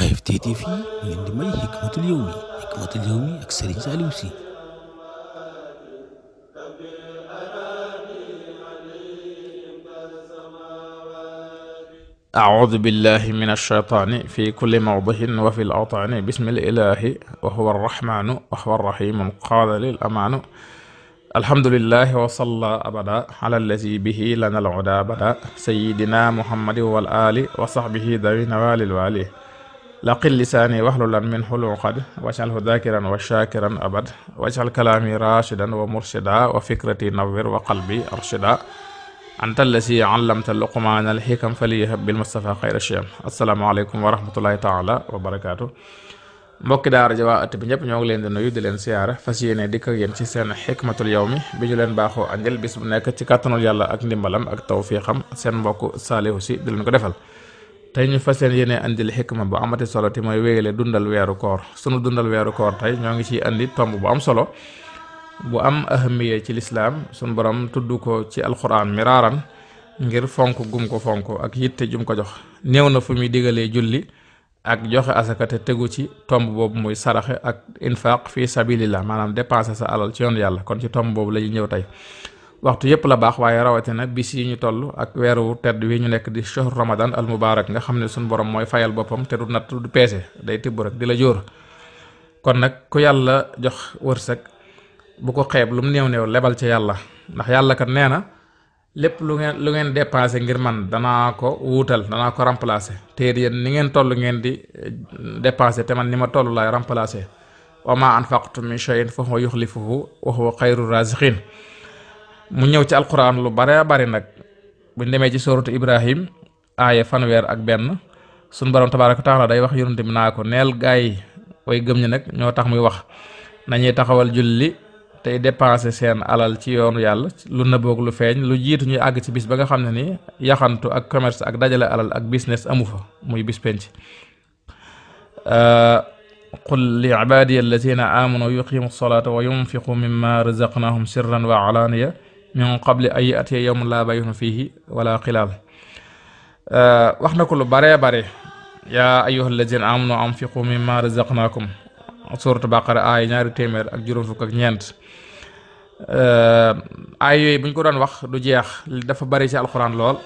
AFT TV mu ngeen di may Hikmatul Yawmi Hikmatul Yawmi ak Serigne Saliou Sy أعوذ بالله من الشيطان في كل موضع وفي الأوطان بسم الإله وهو الرحمن وهو الرحيم قال للأمان الحمد لله وصلى أبدا على الذي به لنا العدا بدا سيدنا محمد والآل وصحبه ذوي نوال الوالي laqil lisaani waxlulan min xuluqad waj'alhu dhakiran wa shakiran abad waj'al kalaami rashidan wa murshida wa fikrati nawwir wa qalbi arshida anta si allamta luqmaana alxikam faliyahab bil mustafa xayra shiyam assalaamu aleykum wa rahmatullahi taala wa barakaatu mbokki daara ja at bi ñëpp ñoo ngi leen di nuyu di leen siyaara fas yéene dikk ak yéen ci seen xikmatul yawmi bi ñu leen baaxoo àndil bis bu nekk ci kàttanul yàlla ak ndimbalam ak tawfiixam seen mbokk saalihu si di ko defal tey ñu fas yéene andil xikma bu amati solo te mooy wéyale dundal weeru koor sunu dundal weeru koor tey ñoo ngi ciy indi tomb bu am solo bu am ahamiya ci lislaam sunu borom tudd ko ci alxuraan miraaran ngir fonk gum ko fonk ak yitte jum ko jox néew na fu muy digalee julli ak joxe asaka te tegu ci tomb boobu muy saraxe ak infaq fi sabilillah maanaam dépenser sa alal ci yoon yàlla kon ci tomb boobu la ñuy ñëw tey waxtu yépp la baax waaye rawatina bis yi ñu toll ak weeru tedd wi ñu nekk di shahr ramadan al mubarak nga xam ne suñu borom mooy fayal boppam te du natt du peese day tibb rek di la jóor kon nag ku yàlla jox wërsëg bu ko xeeb lu mu néew néew lebal ci yàlla ndax yàlla kat nee na lépp lu ngeen lu ngeen dépensé ngir man danaa ko wuutal danaa ko remplacer te yéen ni ngeen toll ngeen di eh, dépensé te man ni ma toll laay remplacer wa ma anfaqtum min shay'in fa huwa mu ñëw ci alquran lu bare bari nag buñ demee ci sooratu ibrahim aaya fanweer ak benn suñ borom tabaaraka taala day wax yonent bi naa ko neel gaay way gëm ñi nag ñoo tax muy wax nañuy taxawal julli tey dépensé seen alal ci yoonu yàlla lu nëbboog lu feeñ lu jiitu ñuy àgg ci bis ba nga xam ne ni yaxantu ak commerce ak dajale alal ak business amu fa muy bis penc uh, qul li ibaadiya allazina amanu yuqimu salata wa yunfiqu mimma razaqnahum sirran wa min qabli ay atiya yawmun laa bay'un fiihi wala xilaal uh, wax na ko lu bare bare yaa ayyuhal lazina amanu anfiqu mimma razaqnakum suuratu baqara aay ñaari téeméer ak juróom fukk ak ñeent uh, aay yooyu bu ko doon wax du jeex dafa bari ci alxuraan lool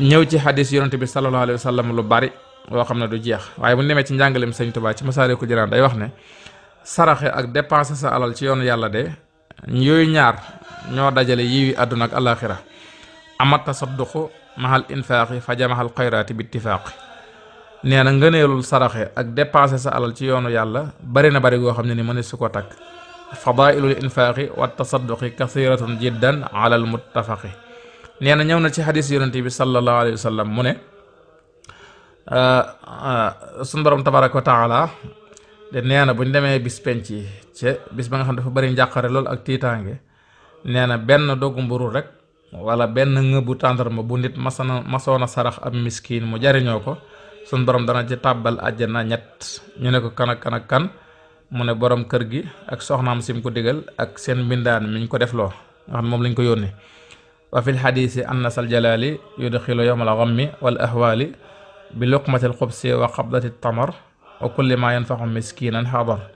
ñëw ci xadis yonante bi sallallahu alayhi wa lu bari loo xam ne du jeex waaye bu ñu ci njàngaleem sëñ Tuubaa ci Masaalikul day wax ne saraxe ak dépenser sa alal ci yoon yàlla de yooyu ñaar ñoo dajale yiwi àdduna ak alaaxira ama tasadduqu mahal infaaqi fa jamahal xayraati bi ittifaaqi nee na ngëneelul saraxe ak dépensé sa alal ci yoonu yàlla bari na bari goo xam ne ni mënees su ko takk fadaailul infaaqi wa tasadduqi kasiratun jiddan ala al muttafaqi nee na ñëw na ci xadis yonent bi sallallahu alayhi wa mu ne sunu borom tabaraka wa taala de nee na bu ñu demee bis penc yi ca bis ba nga xam ne dafa bari njàqare lool ak tiitaange nee na benn dogu mburu rek wala benn ngëbu tàndarma bu nit masana masoon a sarax ab miskin mu jariñoo ko suñ borom dana ci tàbbal àjjana ñett ñu ne ko kan ak kan mu ne borom kër gi ak soxnaam sim ko digal ak seen mbindaan miñ ko def loo nga xam moom lañ ko yónnee wa fil xadiisi anna sal jalaali yudxilu yowmal gammi wal ahwaali bi luqmatil xubsi wa qabdati tamar wa kulli ma yanfaxu miskinan xadar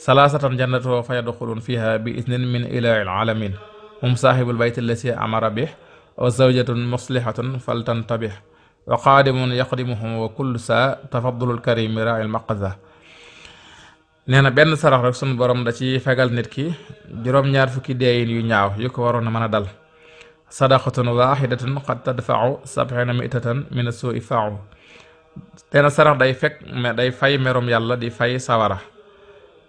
salaasatan jannatu fa yadxulun fiha bi idnin min ilahi alamin hum saaxibul bayt allati amara bih wa zawjatun muslihatun faltantabih wa qaadimun yaqdimuhum wa kullu saa tafadulul karimi rail maqza nee na benn sarax rek sunu borom da ci fegal nit ki juróom-ñaar fukki deeyin yu ñaaw yu ko waroon a mën a dal sadaqatun waaxidatun qad tadfau sabxina mitatan min suui fau nee na sarax day fekk day fay merum yàlla di fay sawara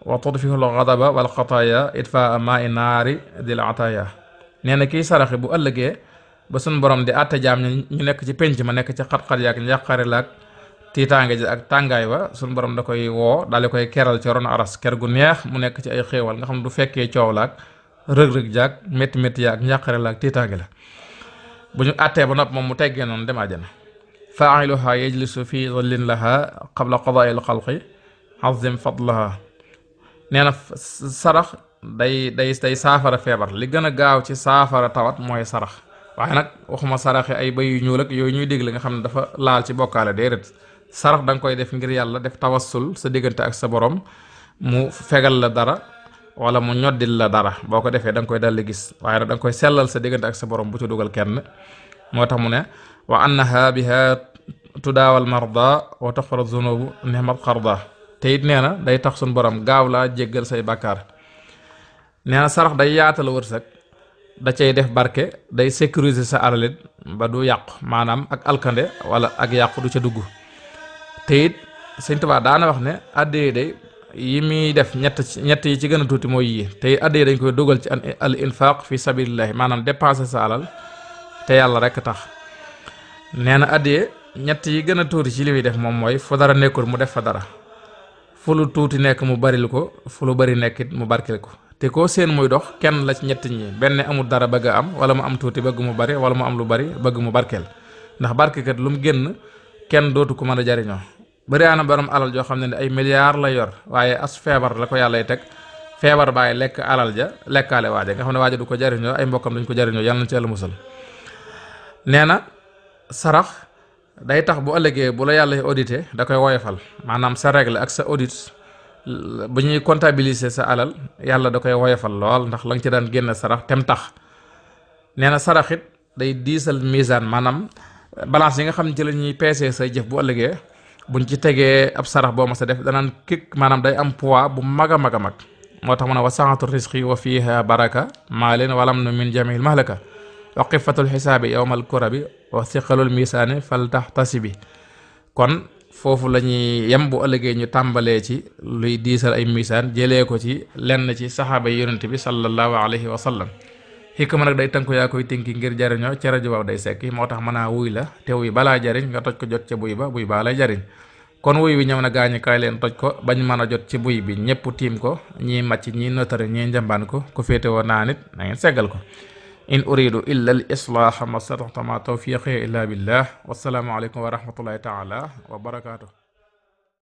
wa tudfihu al ghadaba wal xataaya itfaa maa i naari dil ataaya nee na kiy saraxe bu ëllëgee ba suñ borom di àtte jaam ñu nekk ci penc ma nekk ci xat-xat yaak njàqare laak tiitaange ak tàngaay ba suñ borom da koy woo daal koy keral ci ron aras gu neex mu nekk ci ay xéewal nga xam du fekkee coow laak rëg-rëg jaak métti métti yaak njàqare laak la bu ñu àttee ba nopp moom mu teggee noonu dem àjjana faa'iluha yajlisu fi dhillin laha qabla qadaa'il xalqi azim fadlaha nee na sarax day day day saafara feebar li gën a gaaw ci saafara tawat mooy sarax waaye nag waxuma saraxi ay bay yu ñuul ak yooyu ñuy dégg li nga xam ne dafa laal ci bokkaale déedéet sarax danga koy def ngir yàlla def tawassul sa diggante ak sa borom mu fegal la dara wala mu ñoddil la dara boo ko defee da nga koy daldi gis waaye nag da koy sellal sa diggante ak sa borom bu ci dugal kenn moo tax mu ne wa annaha biha tudaawal marda wa taxfara zunubu nihmat xarda te it nee na day tax sun borom gaaw laa jéggal say bàkkaar nee na sarax day yaatal wërsëg da cay def barke day sécuriser sa alalit ba du yàqu maanaam ak alkande wala ak yàqu du ca dugg te it sëñ Tuubaa daana wax ne addee day yi muy def ñett ñett yi ci gën a tuuti mooy yii te it addee dañ koy dugal ci al infaq fi sabilillahi maanaam dépenser sa alal te yàlla rek tax nee na addee ñett yi gën a tuuti ci li muy def moom mooy fa dara nekkul mu def fa dara fu lu tuuti nekk mu bari lu ko fu lu bari nekk it mu barkil ko te koo seen muy dox kenn la ci ñett ñi benn amul dara bëgg am wala mu am tuuti bëgg mu bari wala mu am lu bari bëgg mu barkeel ndax barkekat lu mu génn kenn dootu ko mën a jariñoo bari ana borom alal joo xam ne ay milliards la yor waaye as feebar la ko yàllay teg feebar bàyyi lekk alal ja lekkaale waaja nga xam ne waaja du ko jariñoo ay mbokkam duñ ko jariñoo yàlla na ci yàlla musal day tax bu ëllëgee bu la yàlla audité da koy woyofal maanaam sa règle ak sa audit bu ñuy comptabiliser sa alal yàlla da koy woyofal lool ndax la ci daan génn sarax tem tax nee na sarax it day diisal misaan maanaam balance yi nga xam ne ci la ñuy peesee say jëf bu ëllëgee ñu ci tegee ab sarax boo ma sa def danaan kik maanaam day am pois bu mag a mag a mag moo tax mu ne wa saatu risqi wa fiha baraka maalin walam nu min jamil mahlaka wa xifatul xisaabi yowmal kurabi wa siqalul misaani fal taxtasi bi kon foofu la ñuy yem bu ëllëgee ñu tàmbalee ci luy diisal ay misaan jëlee ko ci lenn ci saxaaba yi yonent bi sallallahu alayhi wa sallam xikma nag day tënku yaa koy tënki ngir jariñoo ca rajo waaw day sekki moo tax mën a wuy la te wuy balaa jariñ nga toj ko jot ca buy ba buy baa lay jariñ kon wuy bi ñëw na gaañukaay leen toj ko bañ mën a jot ci buy bi ñëpp tiim ko ñii màcc ñii notari ñii njambaan ko ku féete woon naa nit na ngeen seggal in uridu illa al islaaha ma stata'tu ma tawfiqi illa billah wassalaamu aleykum wa rahmatullahi taala wa barakaatu